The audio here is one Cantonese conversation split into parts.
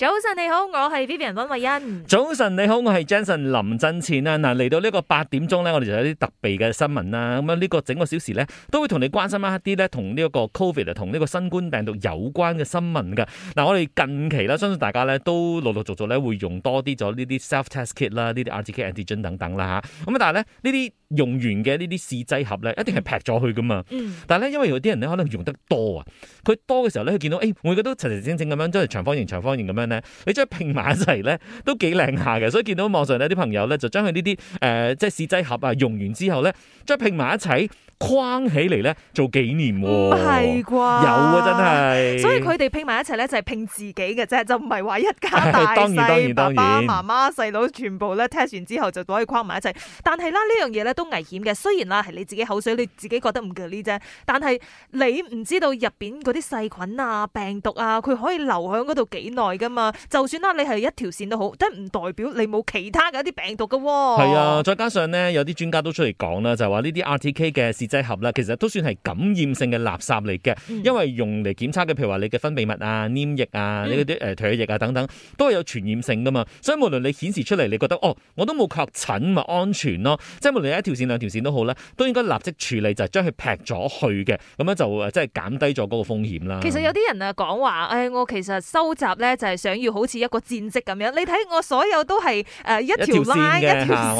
早晨你好，我係 Vivian 溫慧欣。早晨你好，我係 Jason 林振前啦。嗱，嚟到呢個八點鐘咧，我哋就有啲特別嘅新聞啦。咁啊，呢個整個小時咧，都會同你關心一啲咧，同呢一個 COVID 同呢個新冠病毒有關嘅新聞噶。嗱，我哋近期啦，相信大家咧都陸陸續續咧會用多啲咗呢啲 self test kit 啦，呢啲 RTK antigen 等等啦吓。咁但係咧，呢啲用完嘅呢啲試劑盒咧，一定係劈咗去噶嘛。但係咧，因為有啲人咧可能用得多啊，佢多嘅時候咧，佢見到誒，每、哎、個都齊齊整整咁樣，即係長方形、長方形咁樣。你將佢拼埋一齊咧，都幾靚下嘅，所以見到網上呢啲朋友咧就將佢呢啲誒，即係試劑盒啊，用完之後咧，將佢拼埋一齊框起嚟咧做紀念、哦，唔係啩？有啊，真係。所以佢哋拼埋一齊咧就係拼自己嘅啫，就唔係話一家大細、哎、當然、當然、當然、爸爸媽媽細佬全部咧 test 完之後就可以框埋一齊。但係啦，呢樣嘢咧都危險嘅，雖然啦係你自己口水，你自己覺得唔夠呢啫，但係你唔知道入邊嗰啲細菌啊、病毒啊，佢可以留響嗰度幾耐噶嘛？就算啦，你係一條線都好，即係唔代表你冇其他嘅一啲病毒噶、哦。係啊，再加上咧，有啲專家都出嚟講啦，就係話呢啲 RTK 嘅試劑盒啦，其實都算係感染性嘅垃圾嚟嘅，嗯、因為用嚟檢測嘅，譬如話你嘅分泌物啊、黏液啊、嗯、你嗰啲誒唾液啊等等，都係有傳染性噶嘛。所以無論你顯示出嚟，你覺得哦，我都冇確診咪安全咯。即係無論一條線、兩條線都好咧，都應該立即處理，就係將佢劈咗去嘅，咁樣就即係減低咗嗰個風險啦。其實有啲人啊講話，誒、哎，我其實收集咧就係想。想要好似一個戰績咁樣，你睇我所有都係誒一條線嘅，一條線嘅，線啊、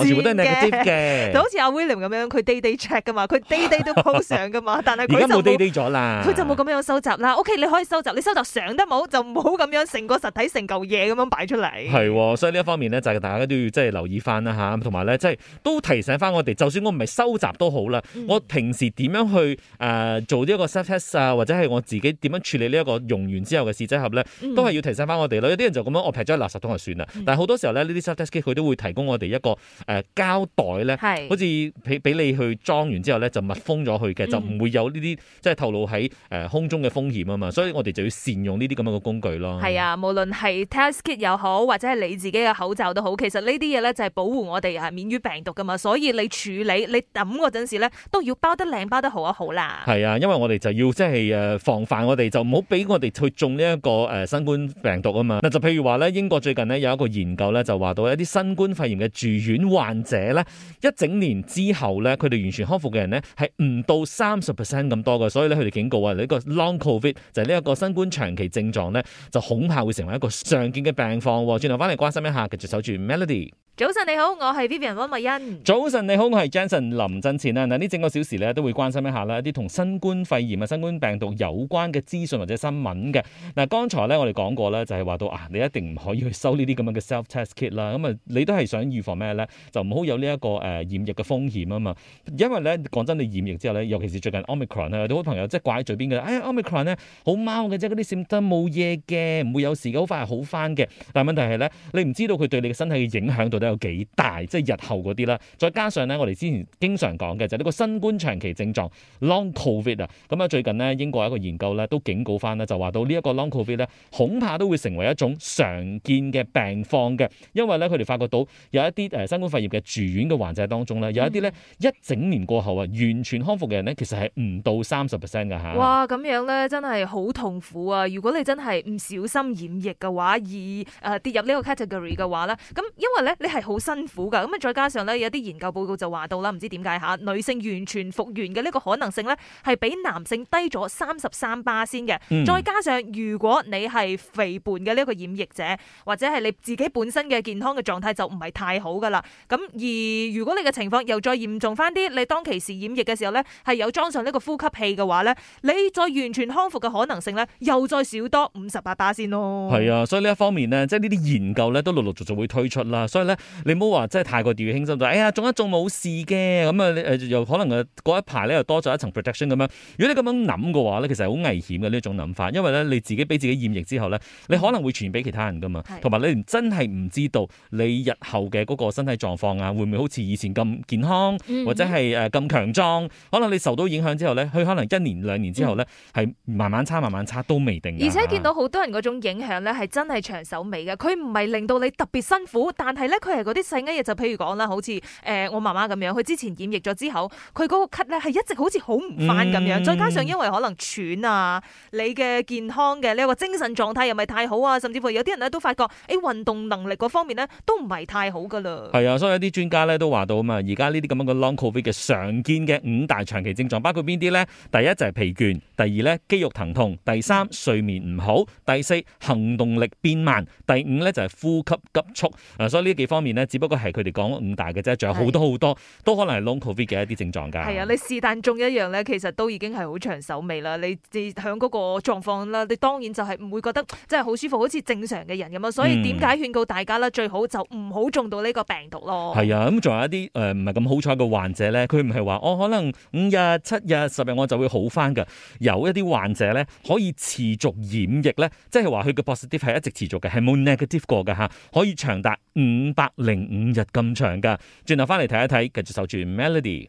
就好似阿 William 咁樣，佢 day day check 噶嘛，佢 day day 都 post 上噶嘛， 但係佢就冇 day day 咗啦，佢就冇咁樣收集啦。OK，你可以收集，你收集上得冇就唔好咁樣成個實體成嚿嘢咁樣擺出嚟。係、哦，所以呢一方面呢，就係、是、大家都要即係留意翻啦吓，同埋咧即係都提醒翻我哋，就算我唔係收集都好啦，嗯、我平時點樣去誒、呃、做呢一個 self test 啊，或者係我自己點樣處理呢一個用完之後嘅試劑盒咧，嗯、都係要提醒翻我哋。有啲人就咁樣，我撇咗喺垃圾桶就算啦。但係好多時候咧，呢啲 test kit 佢都會提供我哋一個誒、呃、膠袋咧，是好似俾你去裝完之後咧就密封咗佢嘅，嗯、就唔會有呢啲即係透露喺、呃、空中嘅風險啊嘛。所以我哋就要善用呢啲咁樣嘅工具咯。係啊，無論係 test kit 又好，或者係你自己嘅口罩都好，其實呢啲嘢咧就係、是、保護我哋免於病毒噶嘛。所以你處理你抌嗰陣時咧，都要包得靚包得好啊，好啦。係啊，因為我哋就要即係、呃、防範我哋，就唔好俾我哋去中呢、這、一個、呃、新冠病毒。咁啊，嗱就譬如話咧，英國最近咧有一個研究咧就話到一啲新冠肺炎嘅住院患者咧，一整年之後咧，佢哋完全康復嘅人咧係唔到三十 percent 咁多嘅，所以咧佢哋警告啊，呢個 long covid 就係呢一個新冠長期症狀咧，就恐怕會成為一個常見嘅病況。轉頭翻嚟關心一下，繼續守住 Melody。早晨你好，我係 Vivian 溫慧欣。早晨你好，我係 Jansen 林振前啦。嗱，呢整個小時咧都會關心一下啦，一啲同新冠肺炎啊、新冠病毒有關嘅資訊或者新聞嘅。嗱，剛才咧我哋講過咧，就係、是、話到啊，你一定唔可以去收呢啲咁樣嘅 self test kit 啦。咁啊，你都係想預防咩咧？就唔好有呢一個誒、呃、染疫嘅風險啊嘛。因為咧，講真的，你染疫之後咧，尤其是最近 Omicron 咧，好朋友即係掛喺嘴邊嘅，哎 Omicron 咧好貓嘅，啫，嗰啲 symptom 冇嘢嘅，唔會有事嘅，快好快好翻嘅。但係問題係咧，你唔知道佢對你嘅身體嘅影響到底。有幾大，即係日後嗰啲啦，再加上咧，我哋之前經常講嘅就係呢個新冠長期症狀 （Long COVID） 啊，咁、嗯、啊最近呢，英國一個研究咧都警告返咧，就話到這呢一個 Long COVID 咧恐怕都會成為一種常見嘅病況嘅，因為咧佢哋發覺到有一啲誒新冠肺炎嘅住院嘅患者當中咧，有一啲咧一整年過後啊完全康復嘅人咧，其實係唔到三十 percent 㗎吓。啊、哇，咁樣咧真係好痛苦啊！如果你真係唔小心染疫嘅話，而誒、呃、跌入呢個 category 嘅話咧，咁因為咧你。係好辛苦噶，咁啊再加上咧，有啲研究報告就話到啦，唔知點解吓，女性完全復原嘅呢個可能性呢，係比男性低咗三十三巴先嘅。嗯、再加上如果你係肥胖嘅呢一個染疫者，或者係你自己本身嘅健康嘅狀態就唔係太好噶啦。咁而如果你嘅情況又再嚴重翻啲，你當其時染疫嘅時候呢，係有裝上呢個呼吸器嘅話呢，你再完全康復嘅可能性呢，又再少多五十八巴先咯。係啊，所以呢一方面呢，即係呢啲研究呢，都陸陸續續會推出啦，所以呢。你唔好話真係太過掉以輕心就，哎呀仲一仲冇事嘅，咁啊誒又可能嗰一排咧又多咗一層 protection 咁樣。如果你咁樣諗嘅話咧，其實好危險嘅呢種諗法，因為咧你自己俾自己驗疫之後咧，你可能會傳俾其他人噶嘛，同埋你真係唔知道你日後嘅嗰個身體狀況啊，會唔會好似以前咁健康，或者係誒咁強壯？可能你受到影響之後咧，佢可能一年兩年之後咧係慢慢,慢慢差，慢慢差都未定嘅。而且見到好多人嗰種影響咧，係真係長手尾嘅，佢唔係令到你特別辛苦，但係咧係嗰啲細啲嘢，就譬如講啦，好似誒、欸、我媽媽咁樣，佢之前染疫咗之後，佢嗰個咳咧係一直好似好唔翻咁樣，嗯、再加上因為可能喘啊，你嘅健康嘅，呢個精神狀態又唔係太好啊，甚至乎有啲人咧都發覺，誒、欸、運動能力嗰方面呢都唔係太好噶啦。係啊，所以有啲專家咧都話到啊嘛，而家呢啲咁樣嘅 Long Covid 嘅常見嘅五大長期症狀包括邊啲呢？第一就係疲倦，第二呢，肌肉疼痛，第三睡眠唔好，第四行動力變慢，第五呢，就係、是、呼吸急促。啊，所以呢啲地方。面只不過係佢哋講五大嘅啫，仲有好多好多都可能係 long covid 嘅一啲症狀噶。係啊，你是但中一樣咧，其實都已經係好長手尾啦。你自響嗰個狀況啦，你當然就係唔會覺得真係好舒服，好似正常嘅人咁啊。所以點解勸告大家咧，嗯、最好就唔好中到呢個病毒咯。係啊，咁仲有一啲誒唔係咁好彩嘅患者咧，佢唔係話我可能五日、七日、十日我就會好翻噶。有一啲患者咧可以持續染疫咧，即係話佢嘅 positive 係一直持續嘅，係冇 negative 過嘅吓，可以長達五百。零五日咁長噶，轉頭翻嚟睇一睇，繼續守住 Melody。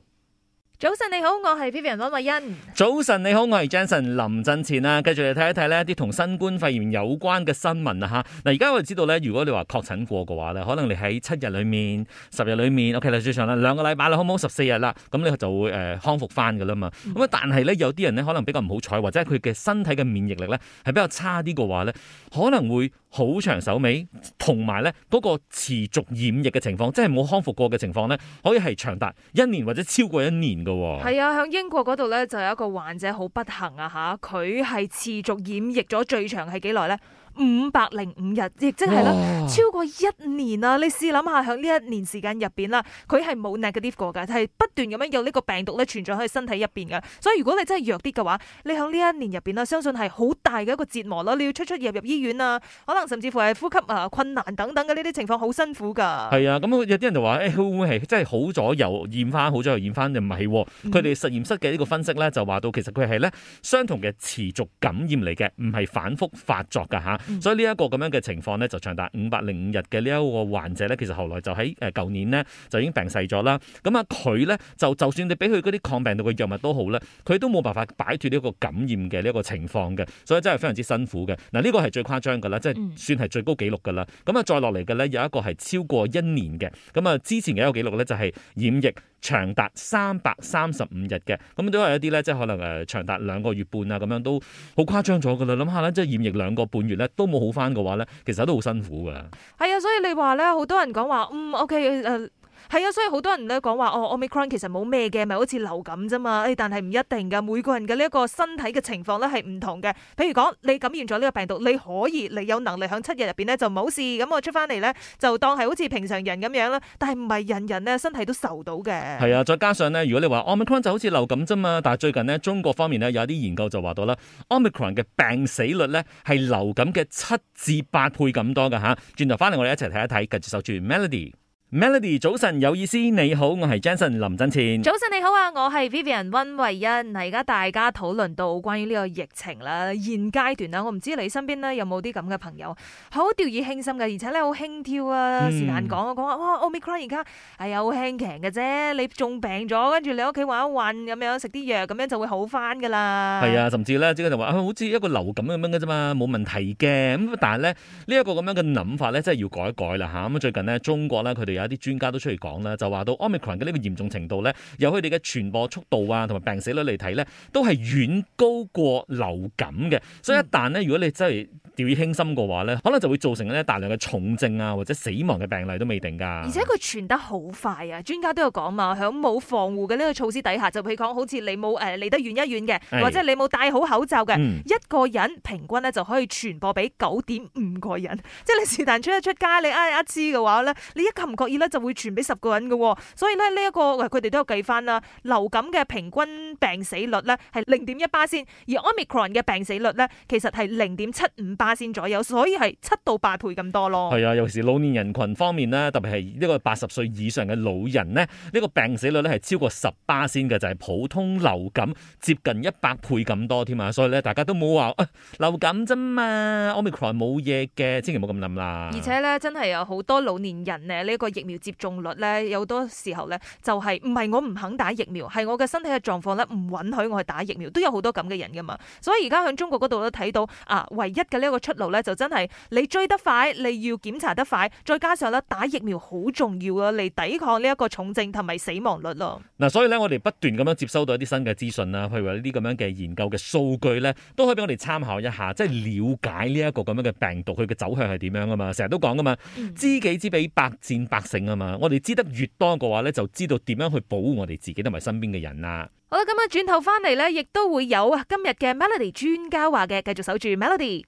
早晨你好，我係 Vivian 溫慧欣。早晨你好，我係 Jensen 林振前啦、啊。繼續嚟睇一睇呢啲同新冠肺炎有關嘅新聞啊吓。嗱，而家我哋知道咧，如果你話確診過嘅話咧，可能你喺七日裏面、十日裏面，OK，就最長啦，兩個禮拜啦，好唔好？十四日啦，咁你就會誒、呃、康復翻噶啦嘛。咁啊、嗯，但係咧，有啲人咧可能比較唔好彩，或者佢嘅身體嘅免疫力咧係比較差啲嘅話咧，可能會。好長手尾，同埋咧嗰個持續染疫嘅情況，即係冇康復過嘅情況咧，可以係長達一年或者超過一年喎。係啊，喺英國嗰度咧就有一個患者好不幸啊吓，佢係持續染疫咗最長係幾耐咧？五百零五日，亦即係啦，超過一年啦。哇你試諗下，喺呢一年時間入邊啦，佢係冇 negative 過嘅，係不斷咁樣有呢個病毒咧存在喺身體入邊嘅。所以如果你真係弱啲嘅話，你喺呢一年入邊啦，相信係好大嘅一個折磨咯。你要出出入入醫院啊，可能甚至乎係呼吸啊困難等等嘅呢啲情況，好辛苦噶。係啊，咁有啲人就話，誒會唔會係真係好咗又染翻，好咗又染翻？就唔係。佢哋實驗室嘅呢個分析咧，就話到其實佢係咧相同嘅持續感染嚟嘅，唔係反覆發作嘅嚇。所以呢一個咁樣嘅情況咧，就長達五百零五日嘅呢一個患者咧，其實後來就喺誒舊年咧就已經病逝咗啦。咁啊，佢咧就就算你俾佢嗰啲抗病毒嘅藥物都好咧，佢都冇辦法擺脱呢個感染嘅呢一個情況嘅，所以真係非常之辛苦嘅。嗱，呢個係最誇張噶啦，即係算係最高紀錄噶啦。咁啊，再落嚟嘅咧有一個係超過一年嘅。咁啊，之前嘅一個紀錄咧就係染疫。長達三百三十五日嘅，咁都係一啲咧，即係可能誒長達兩個月半啊，咁樣都好誇張咗㗎啦。諗下咧，即係染疫兩個半月咧都冇好翻嘅話咧，其實都好辛苦㗎。係啊，所以你話咧，好多人講話，嗯，OK 誒、呃。係啊，所以好多人都講話哦，Omicron 其實冇咩嘅，咪、就是、好似流感啫嘛。誒，但係唔一定噶，每個人嘅呢一個身體嘅情況咧係唔同嘅。譬如講，你感染咗呢個病毒，你可以，你有能力響七日入邊咧就冇事，咁我出翻嚟，咧就當係好似平常人咁樣啦。但係唔係人人咧身體都受到嘅。係啊，再加上咧，如果你話 Omicron 就好似流感啫嘛，但係最近呢，中國方面呢有一啲研究就話到啦，Omicron 嘅病死率咧係流感嘅七至八倍咁多噶吓。轉頭翻嚟，我哋一齊睇一睇，繼續守住 Melody。Melody，早晨有意思，你好，我係 Jensen 林振前。早晨你好啊，我係 Vivian 温慧欣。嗱而家大家討論到關於呢個疫情啦，現階段啊，我唔知你身邊呢有冇啲咁嘅朋友好掉以輕心嘅，而且咧好輕佻啊，時談講講話哇，奧密克戎而家係有輕型嘅啫，你中病咗，跟住你屋企玩一玩咁樣，食啲藥咁樣就會好翻噶啦。係啊，甚至咧即係就話、啊、好似一個流感咁樣嘅啫嘛，冇問題嘅。咁但係咧呢一、這個咁樣嘅諗法咧，真係要改一改啦吓。咁、啊、最近呢，中國咧佢哋有啲專家都出嚟講啦，就話到 Omicron 嘅呢個嚴重程度咧，由佢哋嘅傳播速度啊，同埋病死率嚟睇咧，都係遠高過流感嘅。所以一旦咧，如果你真係掉以輕心嘅話咧，可能就會造成大量嘅重症啊，或者死亡嘅病例都未定㗎。而且佢傳得好快啊！專家都有講啊。響冇防護嘅呢個措施底下，就譬如講好似你冇誒離得遠一遠嘅，或者你冇戴好口罩嘅，嗯、一個人平均咧就可以傳播俾九點五個人。即係你是但出一出街，你啊一知嘅話咧，你一唔覺。咧就會傳俾十個人嘅、哦，所以咧呢一個佢哋都有計翻啦。流感嘅平均病死率咧係零點一巴仙，而 Omicron 嘅病死率咧其實係零點七五巴仙左右，所以係七到八倍咁多咯。係啊，尤其是老年人群方面呢，特別係呢個八十歲以上嘅老人呢，呢個病死率咧係超過十巴仙嘅，就係普通流感接近一百倍咁多添啊！所以咧大家都冇話流感啫嘛，Omicron 冇嘢嘅，千祈唔好咁諗啦。而且咧真係有好多老年人咧呢個疫苗接種率咧，有多時候咧，就係唔係我唔肯打疫苗，係我嘅身體嘅狀況咧，唔允許我去打疫苗，都有好多咁嘅人噶嘛。所以而家喺中國嗰度都睇到啊，唯一嘅呢一個出路咧，就真係你追得快，你要檢查得快，再加上咧打疫苗好重要啊，嚟抵抗呢一個重症同埋死亡率咯。嗱、嗯，所以咧我哋不斷咁樣接收到一啲新嘅資訊啦，譬如話呢啲咁樣嘅研究嘅數據咧，都可以俾我哋參考一下，即係了解呢一個咁樣嘅病毒佢嘅走向係點樣啊嘛。成日都講噶嘛，知己知彼，百戰百。啊嘛，我哋知得越多嘅話咧，就知道點樣去保護我哋自己同埋身邊嘅人啦。好啦，今日轉頭翻嚟咧，亦都會有啊今日嘅 Melody 專家話嘅，繼續守住 Melody。